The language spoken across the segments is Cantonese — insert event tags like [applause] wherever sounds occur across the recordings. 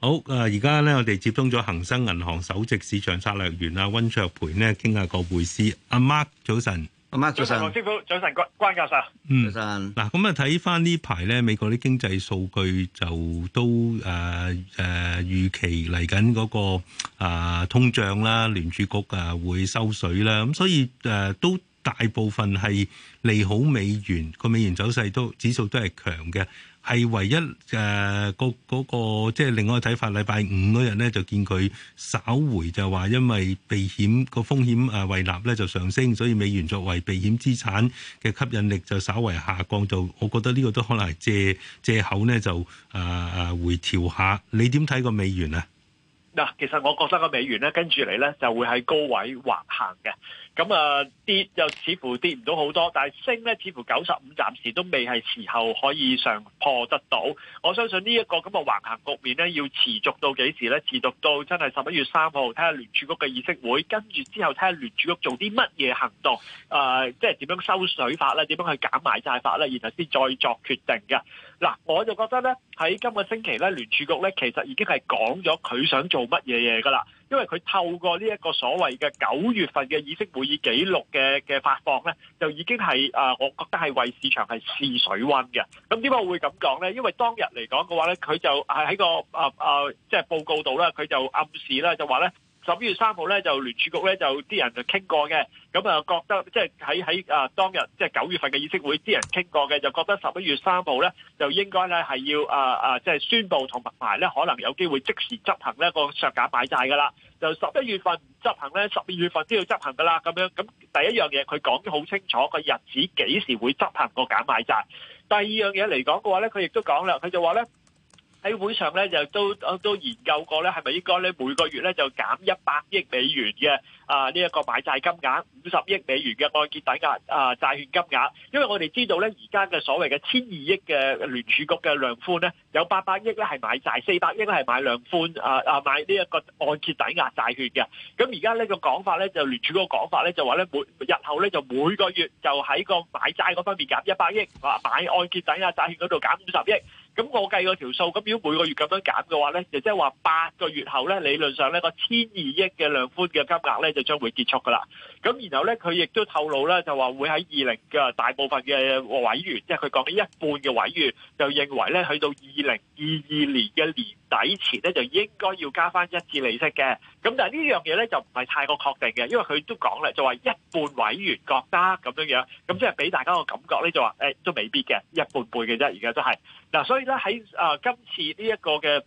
好，誒、呃，而家咧，我哋接通咗恒生銀行首席市場策略員阿溫灼培咧，傾下個匯市阿 Mark 早晨，阿 Mark 早晨，黃師早晨，關關教授，嗯，嗱晨，咁啊，睇翻呢排咧，美國啲經濟數據就都誒誒，預、呃呃、期嚟緊嗰個誒、呃、通脹啦，聯儲局誒、啊、會收水啦，咁所以誒、呃、都大部分係利好美元，個美元走勢都指數都係強嘅。係唯一誒、呃那個、那個、即係另外一個睇法，禮拜五嗰日咧就見佢稍回就話，因為避險個風險誒胃納咧就上升，所以美元作為避險資產嘅吸引力就稍為下降，就我覺得呢個都可能係借藉口呢，就誒誒、啊啊、回調下。你點睇個美元啊？嗱，其實我覺得個美元咧，跟住嚟咧就會喺高位橫行嘅。咁啊，跌又似乎跌唔到好多，但係升咧，似乎九十五暫時都未係時候可以上破得到。我相信呢一個咁嘅橫行局面咧，要持續到幾時咧？持續到真係十一月三號，睇下聯儲局嘅議息會，跟住之後睇下聯儲局做啲乜嘢行動，誒、呃，即係點樣收水法咧，點樣去減買債法咧，然後先再作決定嘅。嗱，我就覺得咧。喺今個星期咧，聯儲局咧其實已經係講咗佢想做乜嘢嘢噶啦，因為佢透過呢一個所謂嘅九月份嘅議息會議記錄嘅嘅發放咧，就已經係啊，我覺得係為市場係試水溫嘅。咁點解我會咁講咧？因為當日嚟講嘅話咧，佢就係喺個啊啊，即係報告度咧，佢就暗示咧，就話咧。十一月三號咧，就聯儲局咧就啲人就傾過嘅，咁啊覺得即係喺喺啊當日即係九月份嘅議息會啲人傾過嘅，就覺得十一月三號咧就應該咧係要啊啊即係宣布同埋咧可能有機會即時執行呢個削減買債㗎啦。就十一月份唔執行咧，十二月份都要執行㗎啦。咁樣，咁第一樣嘢佢講得好清楚，個日子幾時會執行個減買債。第二樣嘢嚟講嘅話咧，佢亦都講啦，佢就話咧。喺會上咧就都都研究過咧，係咪應該咧每個月咧就減一百億美元嘅啊呢一個買債金額，五十億美元嘅按揭抵押啊債券金額，因為我哋知道咧而家嘅所謂嘅千二億嘅聯儲局嘅量寬咧。有八百億咧係買債，四百億咧係買量寬啊啊！買呢一個按揭抵押債券嘅。咁而家呢個講法咧，就聯儲嗰個講法咧，就話咧每日後咧就每個月就喺個買債嗰方面減一百億，話買按揭抵，抵押債券嗰度減五十億。咁我計個條數，咁如果每個月咁樣減嘅話咧，就即係話八個月後咧，理論上呢，個千二億嘅量寬嘅金額咧就將會結束㗎啦。咁然後咧佢亦都透露咧，就話會喺二零嘅大部分嘅委員，即係佢講緊一半嘅委員，就認為咧去到二。二二年嘅年底前咧，就應該要加翻一次利息嘅。咁但係呢樣嘢咧，就唔係太過確定嘅，因為佢都講啦，就話一半委員覺得咁樣樣，咁即係俾大家個感覺咧，就話誒、欸、都未必嘅，一半半嘅啫。而家都係嗱，所以咧喺啊今次呢一個嘅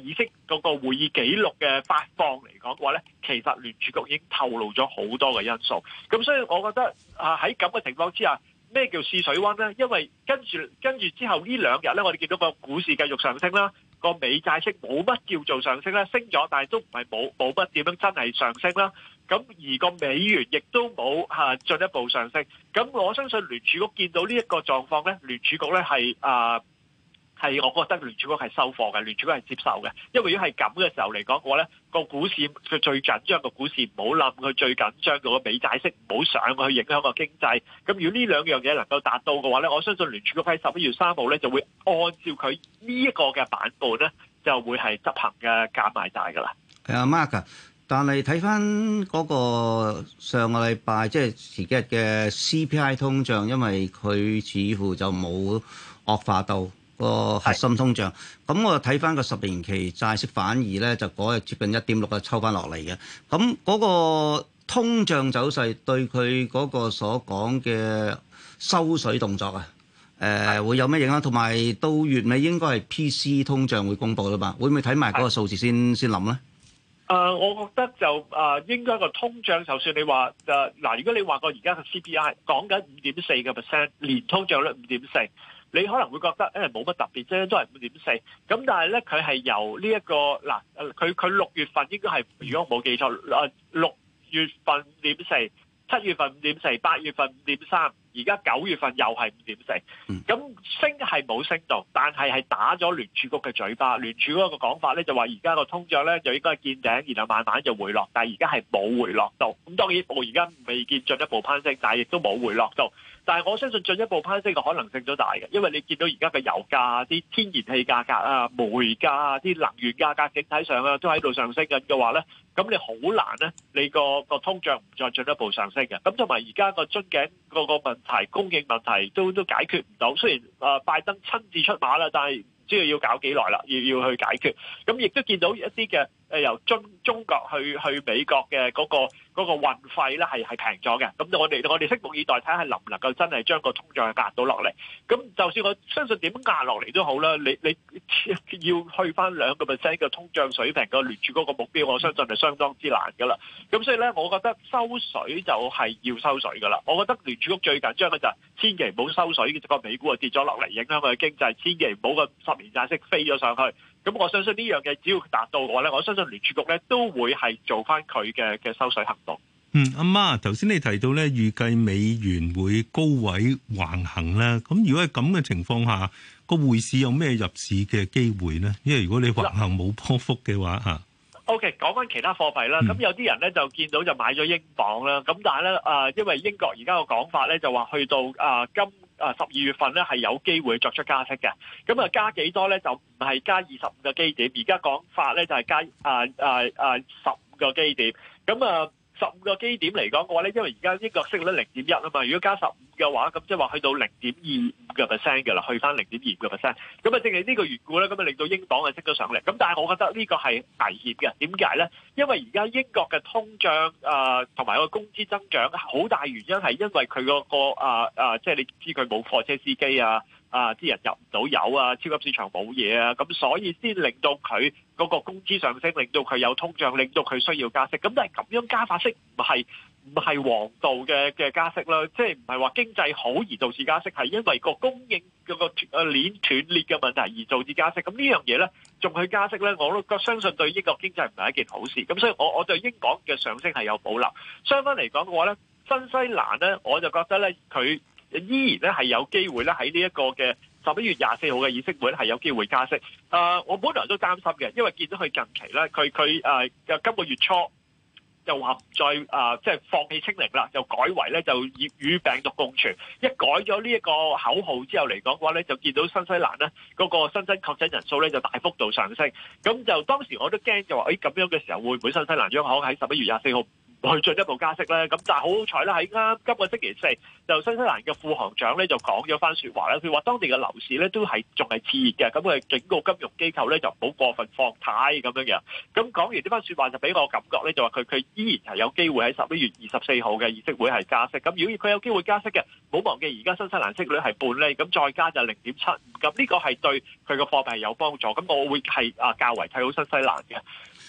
議息嗰個會議記錄嘅發放嚟講嘅話咧，其實聯儲局已經透露咗好多嘅因素。咁所以我覺得啊喺咁嘅情況之下。咩叫試水溫咧？因為跟住跟住之後呢兩日咧，我哋見到個股市繼續上升啦，個美債息冇乜叫做上升啦，升咗但係都唔係冇冇乜點樣真係上升啦。咁而個美元亦都冇吓進一步上升。咁我相信聯儲局見到呢一個狀況咧，聯儲局咧係啊。係，我覺得聯儲局係收貨嘅，聯儲局係接受嘅。因為如果係咁嘅時候嚟講嘅話咧，個股市，佢最緊張個股市唔好冧，佢最緊張嘅個美債息唔好上去影響個經濟。咁如果呢兩樣嘢能夠達到嘅話咧，我相信聯儲局喺十一月三號咧就會按照佢呢一個嘅版本咧就會係執行嘅減買債㗎啦。係啊，Mark，但係睇翻嗰個上個禮拜即係前幾日嘅 CPI 通脹，因為佢似乎就冇惡化到。個核心通脹，咁是我睇翻個十年期債息反而咧，就嗰日接近一點六啊，抽翻落嚟嘅。咁嗰個通脹走勢對佢嗰個所講嘅收水動作啊，誒、呃、是會有咩影響？同埋到月尾應該係 P C 通脹會公布啦吧？會唔會睇埋嗰個數字先先諗咧？誒是，uh, 我覺得就誒、uh, 應該個通脹，就算你話誒嗱，uh, 如果你話個而家個 C P I 講緊五點四個 percent，年通脹率五點四。你可能會覺得誒冇乜特別啫，都係五點四。咁但係咧，佢係由呢一個嗱，佢佢六月份應該係，如果我冇記錯，誒六月份五點四，七月份五點四，八月份五點三，而家九月份又係五點四。咁升係冇升到，但係係打咗聯儲局嘅嘴巴。聯儲局嘅講法咧就話，而家個通脹咧就應該係見頂，然後慢慢就回落。但係而家係冇回落到。咁當然我而家未見進一步攀升，但係亦都冇回落到。但係我相信進一步攀升嘅可能性都大嘅，因為你見到而家嘅油價、啲天然氣價格啊、煤價啊、啲能源價格整體上咧都喺度上升緊嘅話咧，咁你好難咧，你個個通脹唔再進一步上升嘅。咁同埋而家個樽頸嗰個問題、供應問題都都解決唔到。雖然啊，拜登親自出馬啦，但係唔知要搞幾耐啦，要要去解決。咁亦都見到一啲嘅誒由中中國去去美國嘅嗰個。嗰個運費咧係係平咗嘅，咁我哋我哋拭目以待，睇下能唔能夠真係將個通脹壓到落嚟。咁就算我相信點壓落嚟都好啦，你你要去翻兩個 percent 嘅通脹水平，個聯儲局嗰個目標，我相信係相當之難噶啦。咁所以咧，我覺得收水就係要收水噶啦。我覺得聯儲局最緊張嘅就係千祈唔好收水，個美股啊跌咗落嚟，影響佢經濟，千祈唔好個十年債息飛咗上去。咁我相信呢樣嘢只要達到嘅話咧，我相信聯儲局咧都會係做翻佢嘅嘅收水行動。嗯，阿媽頭先你提到咧，預計美元會高位橫行啦。咁如果係咁嘅情況下，個匯市有咩入市嘅機會呢？因為如果你橫行冇波幅嘅話，嚇。OK，講翻其他貨幣啦，咁、嗯、有啲人咧就見到就買咗英鎊啦，咁但係咧啊，因為英國而家個講法咧就話去到啊今。呃啊！十二月份咧係有機會作出加息嘅，咁啊加幾多咧就唔係加二十五個基點，而家講法咧就係加啊啊啊十五個基點，咁啊。呃十五個基點嚟講嘅話咧，因為而家英國息率零點一啊嘛，如果加十五嘅話，咁即係話去到零點二五嘅 percent 嘅啦，去翻零點二五嘅 percent，咁啊正係呢個緣故咧，咁啊令到英鎊啊升咗上嚟。咁但係我覺得個呢個係危險嘅，點解咧？因為而家英國嘅通脹啊，同埋個工資增長好大原因係因為佢嗰個啊啊，即係你知佢冇貨車司機啊。啊！啲人入唔到油啊，超級市場冇嘢啊，咁所以先令到佢嗰個工資上升，令到佢有通脹，令到佢需要加息。咁但係咁樣加法式，唔係唔係王道嘅嘅加息啦，即係唔係話經濟好而導致加息，係因為個供應嗰個鏈斷裂嘅問題而導致加息。咁呢樣嘢咧，仲去加息咧，我都相信對英國經濟唔係一件好事。咁所以我我對英鎊嘅上升係有保留。相反嚟講嘅話咧，新西蘭咧，我就覺得咧佢。依然咧係有機會咧喺呢一個嘅十一月廿四號嘅議息會咧係有機會加息。誒，我本來都擔心嘅，因為見到佢近期咧，佢佢誒誒今個月初就話唔再誒，即係放棄清零啦，就改為咧就與病毒共存。一改咗呢一個口號之後嚟講嘅話咧，就見到新西蘭咧嗰個新增確診人數咧就大幅度上升。咁就當時我都驚就話，誒咁樣嘅時候會唔會新西蘭央行喺十一月廿四號去進一步加息咧，咁但係好好彩啦，喺啱今個星期四，就新西蘭嘅副行長咧就講咗番説話咧，佢話當地嘅樓市咧都係仲係熾熱嘅，咁佢警告金融機構咧就唔好過分放貸咁樣樣。咁講完呢番説話就俾我感覺咧，就話佢佢依然係有機會喺十一月二十四號嘅議息會係加息。咁如果佢有機會加息嘅，唔好忘記而家新西蘭息率係半厘，咁再加就零點七五。咁呢個係對佢嘅貨幣係有幫助。咁我會係啊較為睇好新西蘭嘅。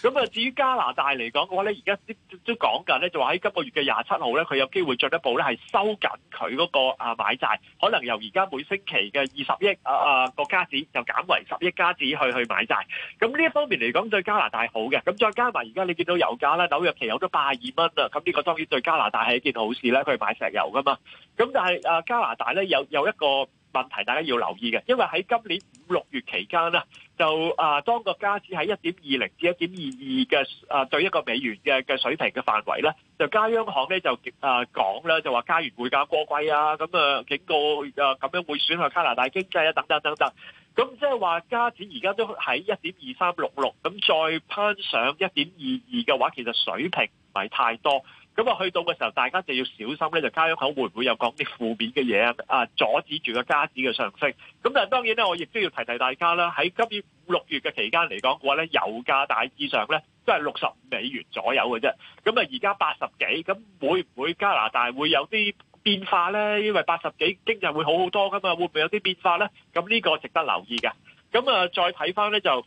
咁啊，至於加拿大嚟講嘅話咧，而家都都講緊咧，就話喺今個月嘅廿七號咧，佢有機會進一步咧係收緊佢嗰個啊買債，可能由而家每星期嘅二十億啊啊個加紙，就減為十億加紙去去買債。咁呢一方面嚟講，對加拿大好嘅。咁再加埋而家你見到油價咧，紐約期有咗八十二蚊啦。咁呢個當然對加拿大係一件好事咧，佢係買石油㗎嘛。咁但係啊，加拿大咧有有一個問題，大家要留意嘅，因為喺今年六月期間呢，就啊當個加紙喺一點二零至一點二二嘅啊對一個美元嘅嘅水平嘅範圍呢，就加央行呢就啊講啦就話加元會價過貴啊，咁啊警告啊咁樣會損害加拿大經濟啊等等等等。咁即係話加紙而家都喺一點二三六六，咁再攀上一點二二嘅話，其實水平唔係太多。咁啊，去到嘅時候，大家就要小心咧，就加一口會唔會有講啲負面嘅嘢啊？啊，阻止住個家子嘅上升。咁但係當然咧，我亦都要提提大家啦。喺今年六月嘅期間嚟講嘅話咧，油價大致上咧都係六十五美元左右嘅啫。咁啊，而家八十幾，咁會唔會加拿大會有啲變化咧？因為八十幾經濟會好好多噶嘛，會唔會有啲變化咧？咁呢個值得留意嘅。咁啊，再睇翻咧就。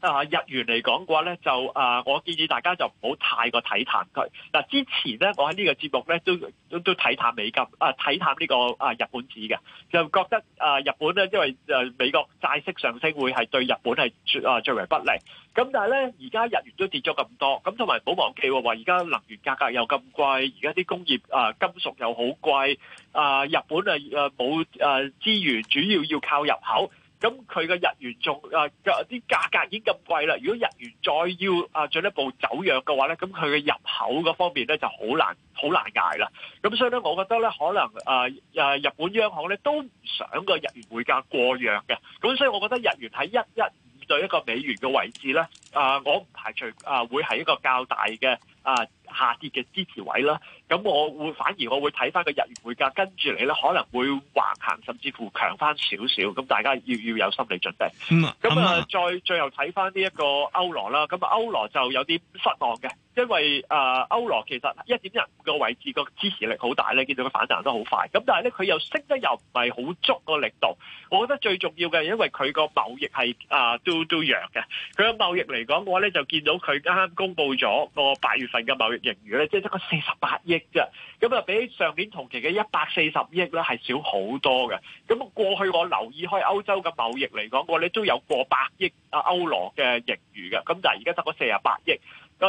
啊！日元嚟講嘅話咧，就啊，我建議大家就唔好太過睇淡佢。嗱，之前咧，我喺呢個節目咧，都都都睇淡美金啊，睇淡呢個啊日本紙嘅，就覺得啊日本咧，因為啊美國債息上升，會係對日本係啊最為不利。咁但係咧，而家日元都跌咗咁多，咁同埋唔好忘記話，而家能源價格又咁貴，而家啲工業啊金屬又好貴，啊日本啊啊冇啊資源，主要要靠入口。咁佢嘅日元仲啊，啲價格已經咁貴啦。如果日元再要啊進一步走弱嘅話咧，咁佢嘅入口嗰方面咧就好難好難捱啦。咁所以咧，我覺得咧，可能啊啊日本央行咧都唔想個日元匯價過弱嘅。咁所以，我覺得日元喺一一五對一個美元嘅位置咧，啊，我唔排除啊會係一個較大嘅啊，下跌嘅支持位啦，咁我會反而我會睇翻個日元匯價，跟住嚟咧，可能會橫行甚至乎強翻少少，咁大家要要有心理準備，咁啊，再最後睇翻呢一個歐羅啦，咁啊歐羅就有啲失望嘅。因為啊、呃、歐羅其實一點一五個位置個支持力好大咧，你見到佢反彈得好快。咁但係咧佢又升得又唔係好足個力度。我覺得最重要嘅係因為佢個貿易係啊、呃、都都弱嘅。佢個貿易嚟講嘅話咧，就見到佢啱啱公布咗個八月份嘅貿易盈餘咧，即係得個四十八億啫。咁啊比上年同期嘅一百四十億咧係少好多嘅。咁啊過去我留意開歐洲嘅貿易嚟講，我咧都有過百億啊、呃、歐羅嘅盈餘嘅。咁但係而家得個四十八億。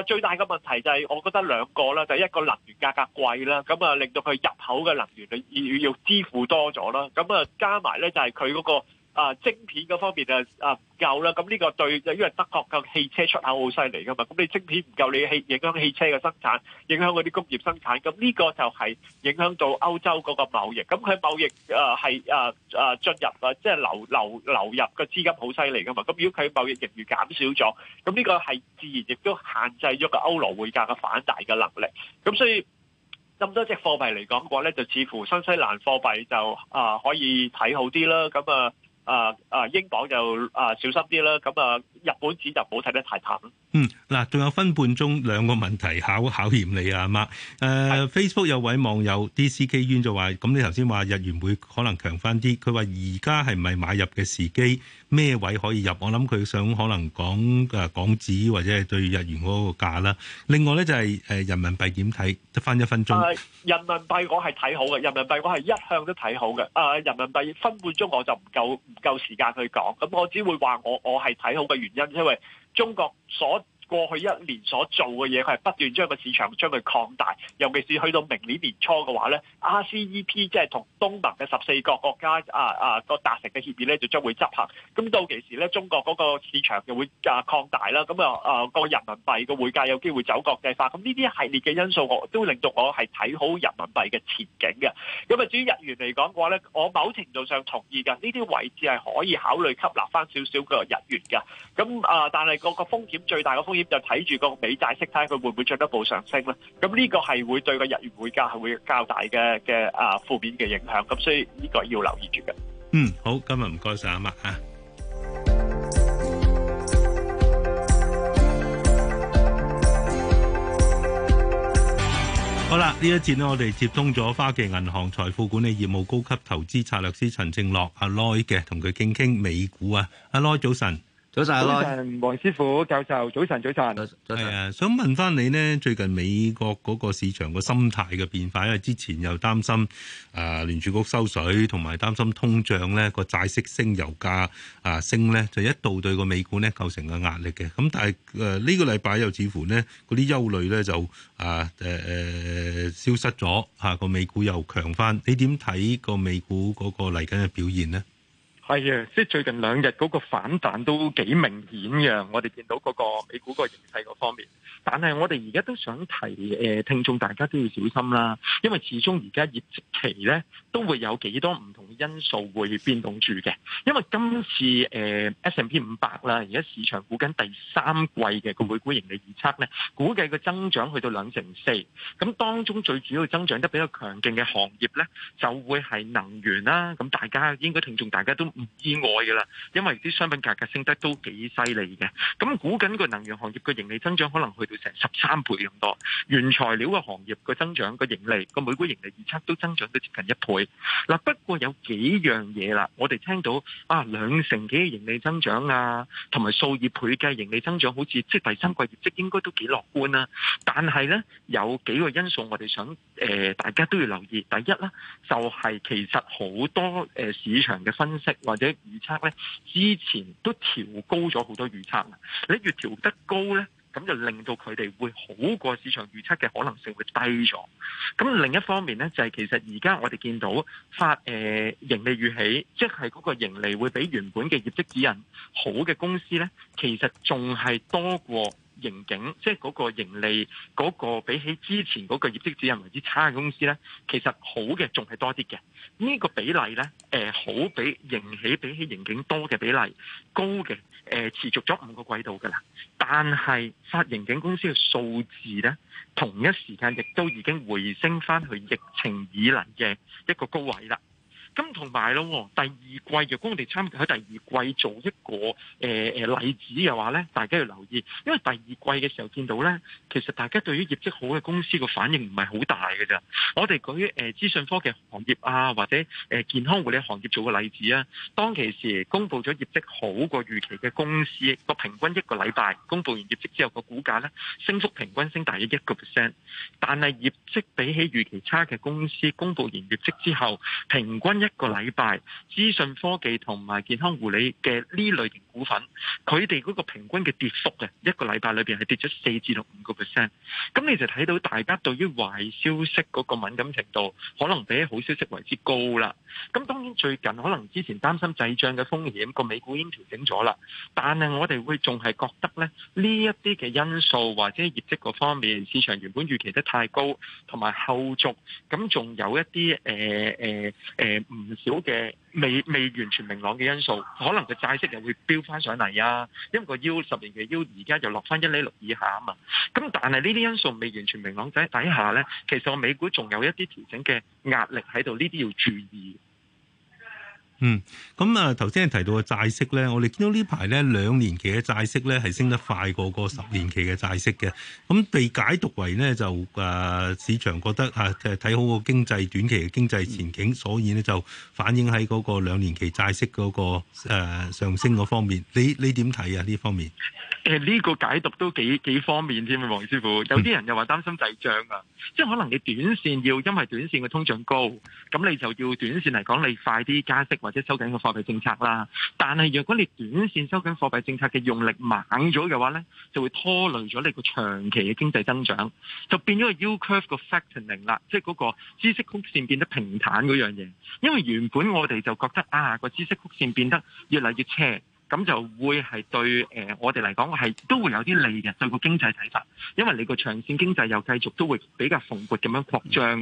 最大嘅問題就係，我覺得兩個啦，第、就是、一個能源價格貴啦，咁啊令到佢入口嘅能源要支付多咗啦，咁啊加埋呢就係佢嗰個。啊，晶片嗰方面啊啊唔夠啦，咁呢個對，因為德國嘅汽車出口好犀利㗎嘛，咁你晶片唔夠，你汽影響汽車嘅生產，影響嗰啲工業生產，咁呢個就係影響到歐洲嗰個貿易，咁佢貿易啊係啊啊進入啊，即係流流流入嘅資金好犀利㗎嘛，咁如果佢貿易盈餘減少咗，咁呢個係自然亦都限制咗個歐羅匯價嘅反彈嘅能力，咁所以咁多隻貨幣嚟講嘅話咧，就似乎新西蘭貨幣就啊可以睇好啲啦，咁啊。啊啊，英鎊就啊小心啲啦，咁啊日本仔就唔好睇得太淡。嗯，嗱，仲有分半鐘兩個問題考考驗你吖嘛。誒、呃、是，Facebook 有位網友 D C K U 就話，咁你頭先話日元會可能強翻啲，佢話而家係唔係買入嘅時機？咩位可以入？我諗佢想可能講誒、啊、港紙或者係對日元嗰個價啦。另外咧就係、是、誒人民幣點睇？得翻一分鐘、啊。人民幣我係睇好嘅，人民幣我係一向都睇好嘅。啊，人民幣分半鐘我就唔夠唔夠時間去講，咁我只會話我我係睇好嘅原因，就是、因為。中國所。過去一年所做嘅嘢，佢係不斷將個市場將佢擴大，尤其是去到明年年初嘅話咧，RCEP 即係同東盟嘅十四個國家啊啊個、啊、達成嘅協議咧，就將會執行。咁到期時咧，中國嗰個市場就會啊擴大啦。咁啊啊個人民幣嘅匯價有機會走國際化。咁呢啲系列嘅因素我，我都令到我係睇好人民幣嘅前景嘅。咁啊，至於日元嚟講嘅話咧，我某程度上同意嘅。呢啲位置係可以考慮吸納翻少少嘅日元嘅。咁啊、呃，但係個個風險最大嘅風險。就睇住個美債息差，佢會唔會進一步上升咧？咁呢個係會對個日元匯價係會較大嘅、嘅啊負面嘅影響。咁所以呢個要留意住嘅。嗯，好，今日唔該晒阿麥啊。好啦，呢一節咧，我哋接通咗花旗銀行財富管理業務高級投資策略師陳正犖阿 Loy 嘅，同佢傾傾美股啊。阿 Loy 早晨。早晨，早晨王師傅教授，早晨早晨。係啊，想問翻你呢，最近美國嗰個市場個心態嘅變化，因為之前又擔心啊、呃、聯儲局收水，同埋擔心通脹咧、個債息升、油價啊升咧，就一度對個美股呢構成個壓力嘅。咁但係誒呢個禮拜又似乎呢嗰啲憂慮咧就啊誒誒、呃、消失咗嚇，個、啊、美股又強翻。你點睇個美股嗰個嚟緊嘅表現呢？係啊、哎，即係最近兩日嗰個反彈都幾明顯嘅，我哋見到嗰個美股個形勢嗰方面。但係我哋而家都想提誒、呃，聽眾大家都要小心啦，因為始終而家業績期咧都會有幾多唔同因素會變動住嘅。因為今次誒、呃、S&P 五百啦，而家市場估緊第三季嘅個每股盈利預測咧，估計個增長去到兩成四。咁當中最主要增長得比較強勁嘅行業咧，就會係能源啦。咁大家應該聽眾大家都意外嘅啦，因為啲商品價格升得都幾犀利嘅，咁估緊個能源行業個盈利增長可能去到成十三倍咁多，原材料嘅行業個增長個盈利個每股盈利預測都增長到接近一倍。嗱，不過有幾樣嘢啦，我哋聽到啊兩成幾嘅盈利增長啊，同埋數以倍計嘅盈利增長，好似即係第三季業績應該都幾樂觀啦。但係呢，有幾個因素我哋想誒、呃、大家都要留意，第一呢，就係、是、其實好多誒市場嘅分析。或者預測呢，之前都調高咗好多預測。你越調得高呢，咁就令到佢哋會好過市場預測嘅可能性會低咗。咁另一方面呢，就係、是、其實而家我哋見到發誒、呃、盈利預喜，即係嗰個盈利會比原本嘅業績指引好嘅公司呢，其實仲係多過。盈警即係嗰個盈利嗰、那個比起之前嗰個業績指引為之差嘅公司咧，其實好嘅仲係多啲嘅。呢、這個比例咧，誒、呃、好比盈喜比起盈警多嘅比例高嘅，誒、呃、持續咗五個季度㗎啦。但係發盈警公司嘅數字咧，同一時間亦都已經回升翻去疫情以嚟嘅一個高位啦。咁同埋咯，第二季若果我哋參與喺第二季做一個誒誒、呃、例子嘅話咧，大家要留意，因為第二季嘅時候見到咧，其實大家對於業績好嘅公司個反應唔係好大嘅咋，我哋舉誒資訊科技行業啊，或者誒健康護理行業做個例子啊，當其時公布咗業績好過預期嘅公司，個平均一個禮拜公布完業績之後個股價咧，升幅平均升大於一個 percent，但係業績比起預期差嘅公司，公布完業績之後平均，一個禮拜，資訊科技同埋健康護理嘅呢類型股份，佢哋嗰個平均嘅跌幅啊，一個禮拜裏邊係跌咗四至六五個 percent，咁你就睇到大家對於壞消息嗰個敏感程度，可能比好消息為之高啦。咁當然最近可能之前擔心滯脹嘅風險，個美股已經調整咗啦，但係我哋會仲係覺得咧呢一啲嘅因素或者業績嗰方面，市場原本預期得太高，同埋後續咁仲有一啲誒誒誒唔少嘅。未未完全明朗嘅因素，可能個債息又會飆翻上嚟啊！因為個 U 十年嘅 U 而家就落翻一厘六以下啊嘛，咁但係呢啲因素未完全明朗仔底下咧，其實我美股仲有一啲調整嘅壓力喺度，呢啲要注意。嗯，咁、嗯、啊，頭先提到嘅債息咧，我哋見到呢排咧，兩年期嘅債息咧係升得快過個十年期嘅債息嘅，咁、嗯嗯、被解讀為咧就誒、啊、市場覺得啊，即係睇好個經濟短期嘅經濟前景，所以咧就反映喺嗰個兩年期債息嗰、嗰個、啊、上升嗰方面。你你點睇啊呢方面？呢個解讀都幾幾方便添啊，黃師傅。有啲人又話擔心滯脹啊，即係可能你短線要因為短線嘅通脹高，咁你就要短線嚟講，你快啲加息或者收緊個貨幣政策啦。但係如果你短線收緊貨幣政策嘅用力猛咗嘅話呢，就會拖累咗你個長期嘅經濟增長，就變咗個 U curve 個 flattening 啦，即係嗰個知識曲線變得平坦嗰樣嘢。因為原本我哋就覺得啊，個知識曲線變得越嚟越斜。咁就會係對誒、呃、我哋嚟講係都會有啲利嘅對個經濟睇法，因為你個長線經濟又繼續都會比較蓬勃咁樣擴張。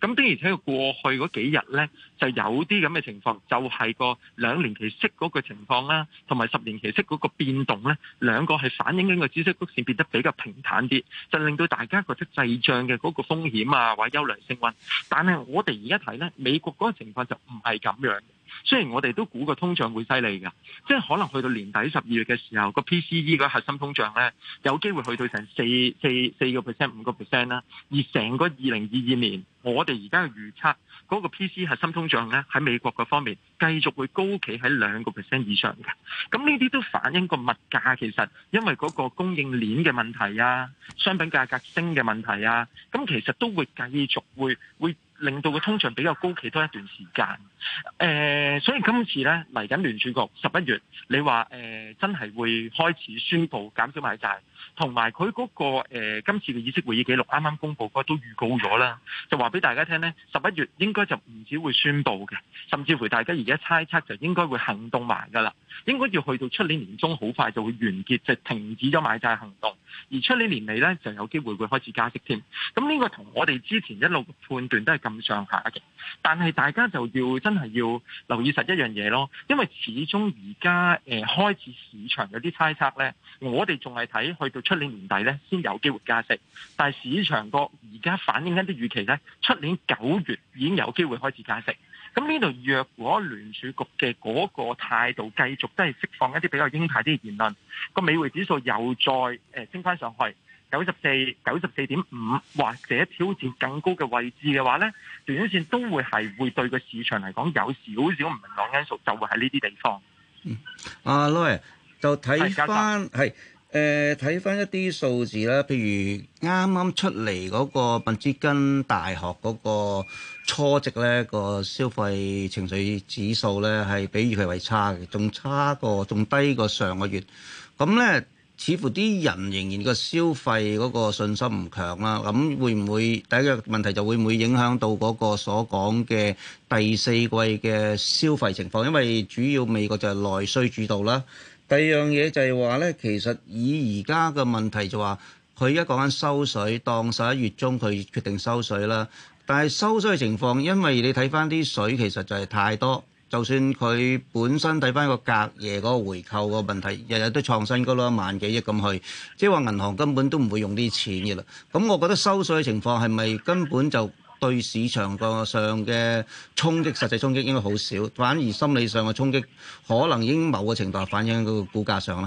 咁的而且確過去嗰幾日呢就有啲咁嘅情況，就係、是、個兩年期息嗰個情況啦，同埋十年期息嗰個變動咧，兩個係反映緊個孳息曲線變得比較平坦啲，就令到大家覺得滯脹嘅嗰個風險啊或者憂慮升温。但係我哋而家睇呢美國嗰個情況就唔係咁樣。雖然我哋都估個通脹會犀利嘅，即係可能去到年底十二月嘅時候，個 PCE 個核心通脹咧有機會去到成四四四個 percent、五個 percent 啦。而成個二零二二年，我哋而家嘅預測嗰個 PCE 核心通脹咧喺美國嘅方面繼續會高企喺兩個 percent 以上嘅。咁呢啲都反映個物價其實因為嗰個供應鏈嘅問題啊、商品價格升嘅問題啊，咁其實都會繼續會會令到個通脹比較高企多一段時間。誒、呃，所以今次咧嚟緊聯儲局十一月，你話誒、呃、真係會開始宣布減少買債，同埋佢嗰個誒、呃、今次嘅議息會議記錄啱啱公布嗰日都預告咗啦，就話俾大家聽咧，十一月應該就唔止會宣布嘅，甚至乎大家而家猜測就應該會行動埋噶啦，應該要去到出年年中好快就會完結，就停止咗買債行動，而出年年尾咧就有機會會開始加息添。咁呢個同我哋之前一路判斷都係咁上下嘅，但係大家就要真係要留意實一樣嘢咯，因為始終而家誒開始市場有啲猜測呢，我哋仲係睇去到出年年底呢先有機會加息，但係市場個而家反映緊啲預期呢，出年九月已經有機會開始加息。咁呢度若果聯儲局嘅嗰個態度繼續都係釋放一啲比較鷹派啲言論，個美匯指數又再誒升翻上去，九十四、九十四點五，或者挑戰更高嘅位置嘅話咧，短線都會係會對個市場嚟講有少少唔明朗因素，就會喺呢啲地方。嗯，阿 Louis 就睇翻係，誒睇翻一啲數字啦，譬如啱啱出嚟嗰個密西根大學嗰個初值咧，個消費情緒指數咧係比預期為差嘅，仲差過仲低過上個月。咁咧。似乎啲人仍然個消費嗰個信心唔強啦，咁會唔會第一個問題就會唔會影響到嗰個所講嘅第四季嘅消費情況，因為主要美國就係內需主導啦。第二樣嘢就係話咧，其實以而家嘅問題就話、是，佢而家講緊收水，當十一月中佢決定收水啦。但係收水嘅情況，因為你睇翻啲水，其實就係太多。就算佢本身睇翻，個隔夜嗰個回購個問題，日日都創新高咯，萬幾億咁去，即係話，銀行根本都唔會用啲錢嘅啦。咁我覺得收稅嘅情況係咪根本就對市場個上嘅衝擊，實際衝擊應該好少，反而心理上嘅衝擊可能應某個程度反映喺個股價上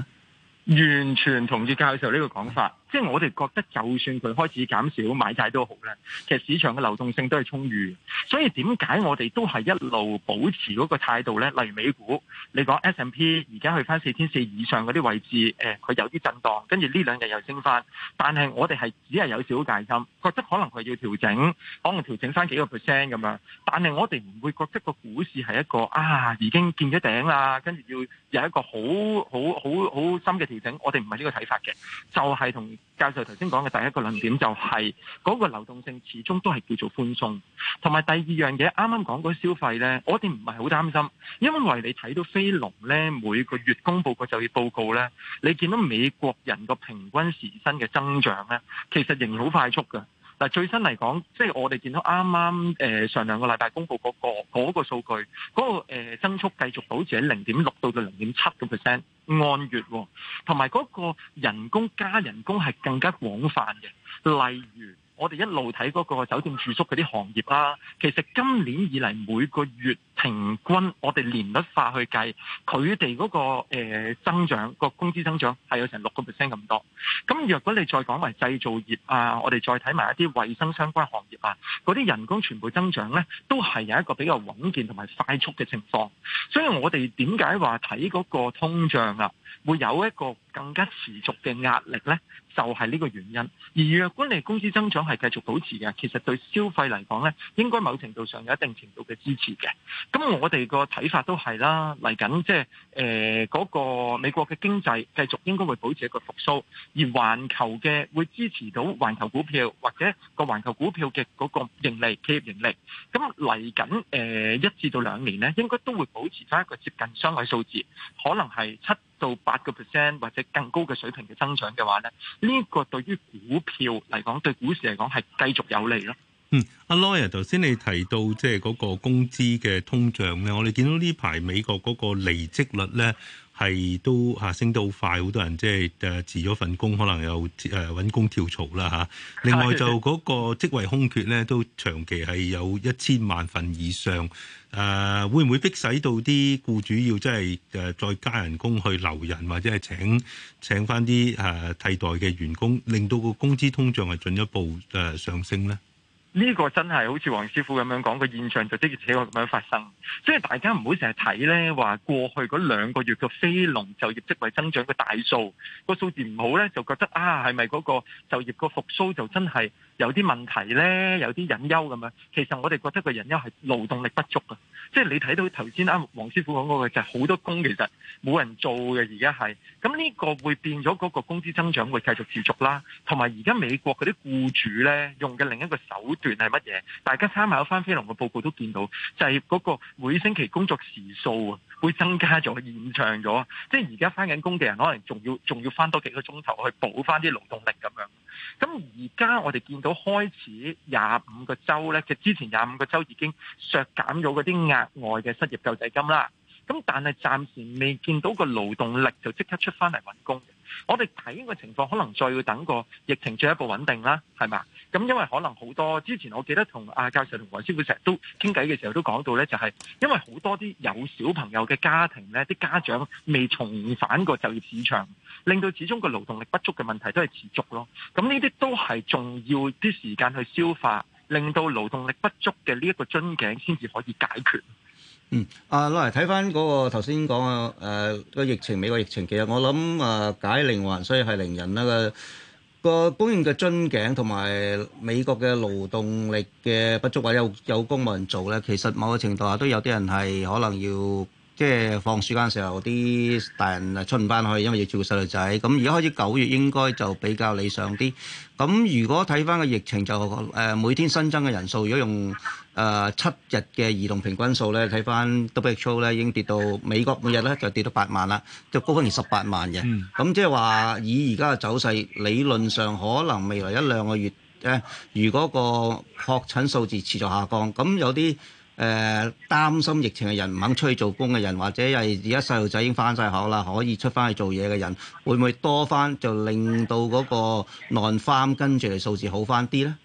咧，完全同意教授呢個講法。即係我哋覺得，就算佢開始減少買債都好咧，其實市場嘅流動性都係充裕，所以點解我哋都係一路保持嗰個態度咧？例如美股，你講 S&P 而家去翻四千四以上嗰啲位置，誒、呃，佢有啲震盪，跟住呢兩日又升翻。但係我哋係只係有少少戒心，覺得可能佢要調整，可能調整翻幾個 percent 咁樣，但係我哋唔會覺得個股市係一個啊已經見咗頂啦，跟住要有一個好好好好深嘅調整。我哋唔係呢個睇法嘅，就係同。教授頭先講嘅第一個論點就係嗰個流動性始終都係叫做寬鬆，同埋第二樣嘢，啱啱講嗰消費呢，我哋唔係好擔心，因為你睇到非農呢，每個月公布個就業報告呢，你見到美國人個平均時薪嘅增長呢，其實仍然好快速嘅。嗱，最新嚟講，即係我哋見到啱啱誒，上兩個禮拜公布嗰個嗰個數據，嗰個誒，增速繼續保持喺零點六到到零點七個 percent 按月喎，同埋嗰個人工加人工係更加廣泛嘅，例如我哋一路睇嗰個酒店住宿嗰啲行業啦，其實今年以嚟每個月。平均我哋年率化去計，佢哋嗰個誒、呃、增長個工資增長係有成六個 percent 咁多。咁若果你再講埋製造業啊，我哋再睇埋一啲衛生相關行業啊，嗰啲人工全部增長咧，都係有一個比較穩健同埋快速嘅情況。所以我哋點解話睇嗰個通脹啊，會有一個更加持續嘅壓力咧，就係、是、呢個原因。而若果你工資增長係繼續保持嘅，其實對消費嚟講咧，應該某程度上有一定程度嘅支持嘅。咁我哋個睇法都係啦，嚟緊即係誒嗰個美國嘅經濟繼續應該會保持一個復甦，而環球嘅會支持到環球股票或者個環球股票嘅嗰個盈利、企業盈利。咁嚟緊誒一至到兩年咧，應該都會保持翻一個接近雙位數字，可能係七到八個 percent 或者更高嘅水平嘅增長嘅話咧，呢個對於股票嚟講，對股市嚟講係繼續有利咯。嗯，阿 Lawyer，頭先你提到即係嗰個工資嘅通脹咧，我哋見到呢排美國嗰個離職率咧係都上升到快，好多人即係誒辭咗份工，可能又誒揾工跳槽啦嚇、啊。另外就嗰個職位空缺咧都長期係有一千萬份以上。誒、啊、會唔會逼使到啲僱主要即係誒再加人工去留人，或者係請請返啲誒替代嘅員工，令到個工資通脹係進一步誒上升咧？呢個真係好似黃師傅咁樣講，個現象就的而且確咁樣發生，即係大家唔好成日睇呢，話過去嗰兩個月嘅非農就業職位增長嘅大數個數字唔好呢，就覺得啊係咪嗰個就業個復甦就真係？有啲問題呢，有啲隱憂咁樣。其實我哋覺得個隱憂係勞動力不足啊，即係你睇到頭先啱黃師傅講嗰個就係好多工其實冇人做嘅，而家係咁呢個會變咗嗰個工資增長會繼續持續啦。同埋而家美國嗰啲僱主呢，用嘅另一個手段係乜嘢？大家參考翻飛龍嘅報告都見到，就係嗰個每星期工作時數啊，會增加咗、延長咗。即係而家翻緊工嘅人可能仲要仲要翻多幾個鐘頭去補翻啲勞動力咁樣。咁而家我哋見到開始廿五個州呢，就之前廿五個州已經削減咗嗰啲額外嘅失業救濟金啦。咁但係暫時未見到個勞動力就即刻出翻嚟揾工。我哋睇個情況，可能再要等個疫情進一步穩定啦，係嘛？咁因為可能好多之前，我記得同阿教授同黃師傅成日都傾偈嘅時候都講到咧，就係因為好多啲有小朋友嘅家庭咧，啲家長未重返過就業市場，令到始終個勞動力不足嘅問題都係持續咯。咁呢啲都係仲要啲時間去消化，令到勞動力不足嘅呢一個樽頸先至可以解決。嗯，啊，攞嚟睇翻嗰個頭先講啊，誒個、呃、疫情美國疫情，其實我諗啊、呃、解鈴還須繫鈴人啊，個。呃個供應嘅樽頸同埋美國嘅勞動力嘅不足，或者有有工冇人做咧。其實某個程度下都有啲人係可能要即係放暑假，時候，啲大人啊出唔翻去，因為要照顧細路仔。咁而家開始九月應該就比較理想啲。咁如果睇翻個疫情就誒每天新增嘅人數，如果用，誒、呃、七日嘅移動平均數咧，睇翻 Daily Chart 咧已經跌到美國每日咧就跌到八萬啦，就高峯期十八萬嘅。咁、嗯、即係話以而家嘅走勢，理論上可能未來一兩個月咧、呃，如果個確診數字持續下降，咁有啲誒擔心疫情嘅人唔肯出去做工嘅人，或者係而家細路仔已經翻晒學啦，可以出翻去做嘢嘅人，會唔會多翻就令到嗰個 number 翻跟住嚟數字好翻啲咧？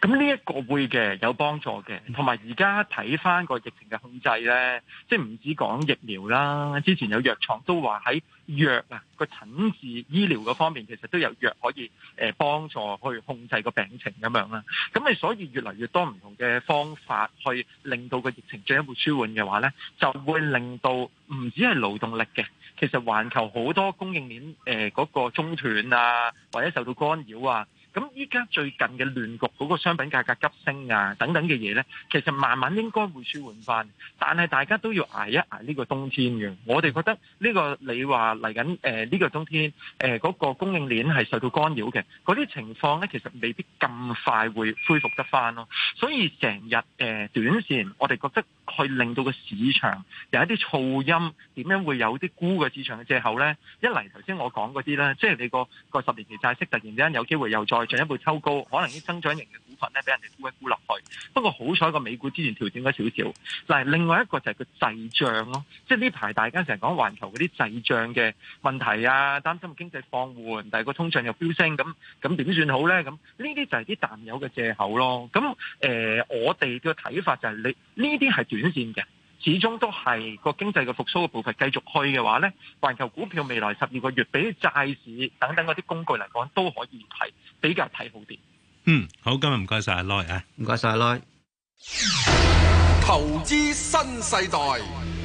咁呢一個會嘅有幫助嘅，同埋而家睇翻個疫情嘅控制咧，即係唔止講疫苗啦，之前有藥廠都話喺藥啊個診治醫療嘅方面，其實都有藥可以誒、呃、幫助去控制個病情咁樣啦。咁你所以越嚟越多唔同嘅方法去令到個疫情進一步舒緩嘅話咧，就會令到唔止係勞動力嘅，其實環球好多供應鏈誒嗰、呃那個中斷啊，或者受到干擾啊。咁依家最近嘅亂局，嗰個商品價格急升啊，等等嘅嘢呢，其實慢慢應該會舒緩翻，但係大家都要挨一挨呢個冬天嘅。我哋覺得呢個你話嚟緊誒呢個冬天誒嗰個供應鏈係受到干擾嘅，嗰啲情況呢，其實未必咁快會恢復得翻咯。所以成日誒短線，我哋覺得去令到個市場有一啲噪音，點樣會有啲沽嘅市場嘅借口呢？一嚟頭先我講嗰啲啦，即係你個個十年期債息突然之間有機會又再進一步抽高，可能啲增長型嘅股份咧，俾人哋估一估落去。不過好彩個美股之前調整咗少少。嗱， [music] 另外一個就係個滯脹咯，即係呢排大家成日講環球嗰啲滯脹嘅問題啊，擔心經濟放緩，但係個通脹又飆升，咁咁點算好咧？咁呢啲就係啲淡友嘅借口咯。咁誒，我哋嘅睇法就係你呢啲係短線嘅。始終都係個經濟嘅復甦嘅步伐繼續去嘅話呢，環球股票未來十二個月，比債市等等嗰啲工具嚟講都可以睇比較睇好啲。嗯，好，今日唔該晒阿 Lo 啊，唔該晒阿 Lo。投資新世代。